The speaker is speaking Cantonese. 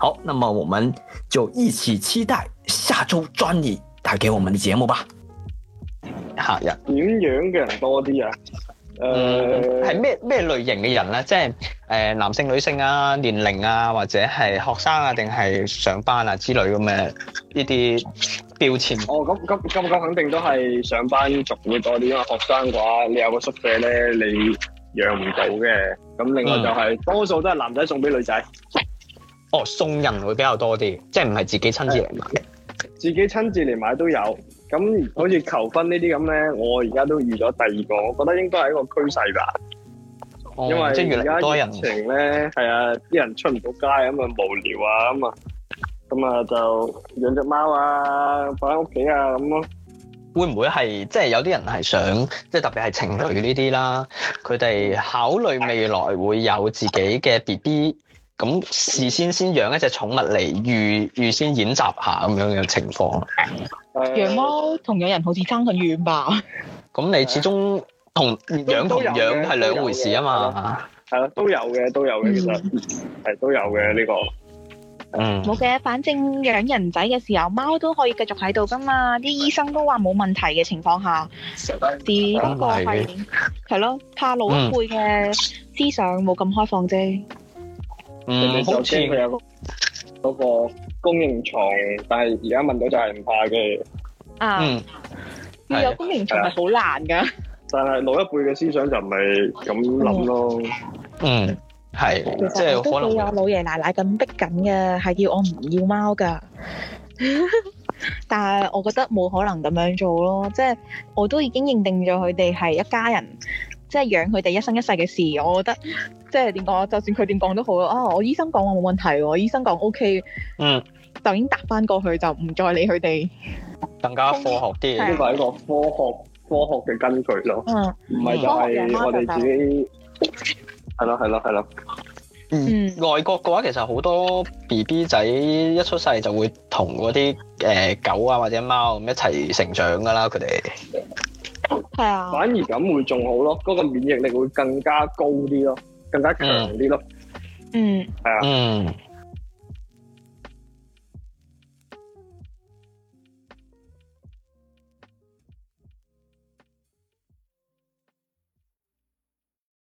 好，那麼我們就一起期待下周 Johnny 帶給我們的節目吧。客人點樣嘅人多啲啊？誒、嗯，係咩咩類型嘅人咧？即係誒、呃，男性、女性啊，年齡啊，或者係學生啊，定係上班啊之類咁嘅呢啲標籤？哦，咁咁咁咁肯定都係上班族會多啲啊。因為學生嘅話，你有個宿舍咧，你養唔到嘅。咁另外就係、是嗯、多數都係男仔送俾女仔。哦，送人會比較多啲，即係唔係自己親自嚟買嘅。自己親自嚟買都有，咁好似求婚呢啲咁咧，我而家都遇咗第二個，我覺得應該係一個趨勢吧。因為而家疫情咧，係啊，啲人出唔到街咁啊，無聊啊咁啊，咁啊就養隻貓啊，擺喺屋企啊咁咯。會唔會係即係有啲人係想，即係特別係情侶呢啲啦，佢哋考慮未來會有自己嘅 BB。咁事先先養一隻寵物嚟預預先演習下咁樣嘅情況、嗯，養貓同養人好似爭好遠吧？咁你始終同養同養係兩回事啊嘛？係咯，都有嘅，都有嘅、嗯，其實係都有嘅呢、這個。冇、嗯、嘅、嗯，反正養人仔嘅時候，貓都可以繼續喺度噶嘛。啲醫生都話冇問題嘅情況下，只不過係係咯，怕老一輩嘅思想冇咁開放啫。嗯，好似佢有嗰個供應床，但係而家問到就係唔怕嘅。啊，要有供應床係好難噶。但係老一輩嘅思想就唔係咁諗咯。嗯，係，即係可能老爺奶奶咁逼緊嘅，係叫我唔要貓㗎。但係我覺得冇可能咁樣做咯，即係我都已經認定咗佢哋係一家人。即係養佢哋一生一世嘅事，我覺得即係點講？就算佢點講都好咯。啊，我醫生講我冇問題喎，我醫生講 O K。嗯，就已經答翻過去，就唔再理佢哋。更加科學啲，呢個係一個科學科學嘅根據咯。嗯，唔係就係我哋自己。係咯，係咯，係咯。嗯，外國嘅話其實好多 B B 仔一出世就會同嗰啲誒狗啊或者貓咁一齊成長噶啦，佢哋。係啊，反而咁會仲好咯，嗰個免疫力會更加高啲咯，更加強啲咯。嗯，係啊。嗯。